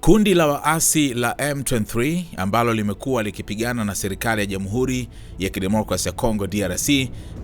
Kundi la waasi la M23 ambalo limekuwa likipigana na serikali ya Jamhuri ya Kidemokrasi ya Kongo DRC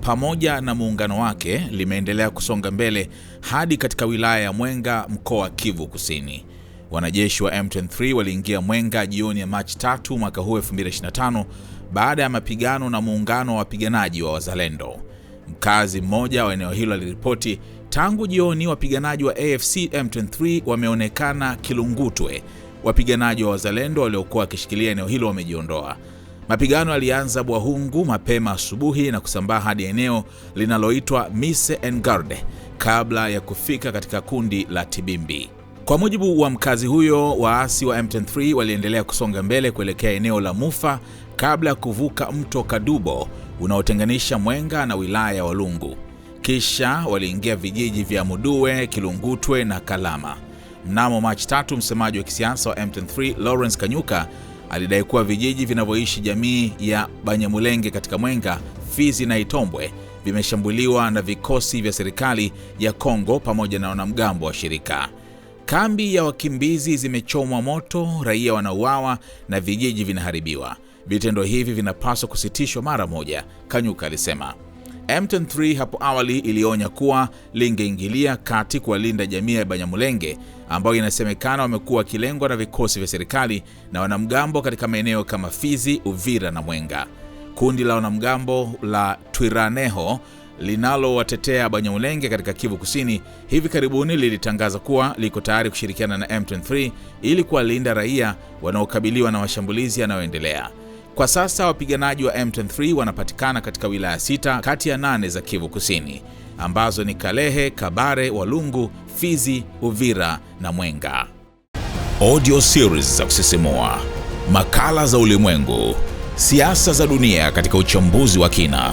pamoja na muungano wake limeendelea kusonga mbele hadi katika wilaya ya Mwenga mkoa wa Kivu Kusini. Wanajeshi wa M23 waliingia Mwenga jioni ya Machi 3 mwaka huu 2025 baada ya mapigano na muungano wa wapiganaji wa Wazalendo. Mkazi mmoja wa eneo hilo aliripoti tangu jioni wapiganaji wa AFC M23 wameonekana Kilungutwe. Wapiganaji wa wazalendo waliokuwa wakishikilia eneo hilo wamejiondoa. Mapigano yalianza Bwahungu mapema asubuhi na kusambaa hadi eneo linaloitwa Mise en Garde kabla ya kufika katika kundi la Tibimbi. Kwa mujibu wa mkazi huyo, waasi wa M23 waliendelea kusonga mbele kuelekea eneo la Mufa kabla ya kuvuka mto Kadubo unaotenganisha Mwenga na wilaya ya Walungu, kisha waliingia vijiji vya Muduwe, Kilungutwe na Kalama. Mnamo Machi tatu, msemaji wa kisiasa wa M23 Lawrence Kanyuka alidai kuwa vijiji vinavyoishi jamii ya Banyamulenge katika Mwenga, Fizi na Itombwe vimeshambuliwa na vikosi vya serikali ya Kongo pamoja na wanamgambo wa shirika Kambi ya wakimbizi zimechomwa moto, raia wanauawa na vijiji vinaharibiwa. Vitendo hivi vinapaswa kusitishwa mara moja, Kanyuka alisema. M23 hapo awali ilionya kuwa lingeingilia kati kuwalinda jamii ya Banyamulenge ambayo inasemekana wamekuwa wakilengwa na vikosi vya serikali na wanamgambo katika maeneo kama Fizi, Uvira na Mwenga. Kundi la wanamgambo la Twiraneho linalowatetea Banyaulenge katika Kivu Kusini hivi karibuni lilitangaza kuwa liko tayari kushirikiana na M23 ili kuwalinda raia wanaokabiliwa na mashambulizi yanayoendelea. Kwa sasa wapiganaji wa M23 wanapatikana katika wilaya sita kati ya nane za Kivu Kusini ambazo ni Kalehe, Kabare, Walungu, Fizi, Uvira na Mwenga. Audio series za kusisimua, makala za ulimwengu, siasa za dunia katika uchambuzi wa kina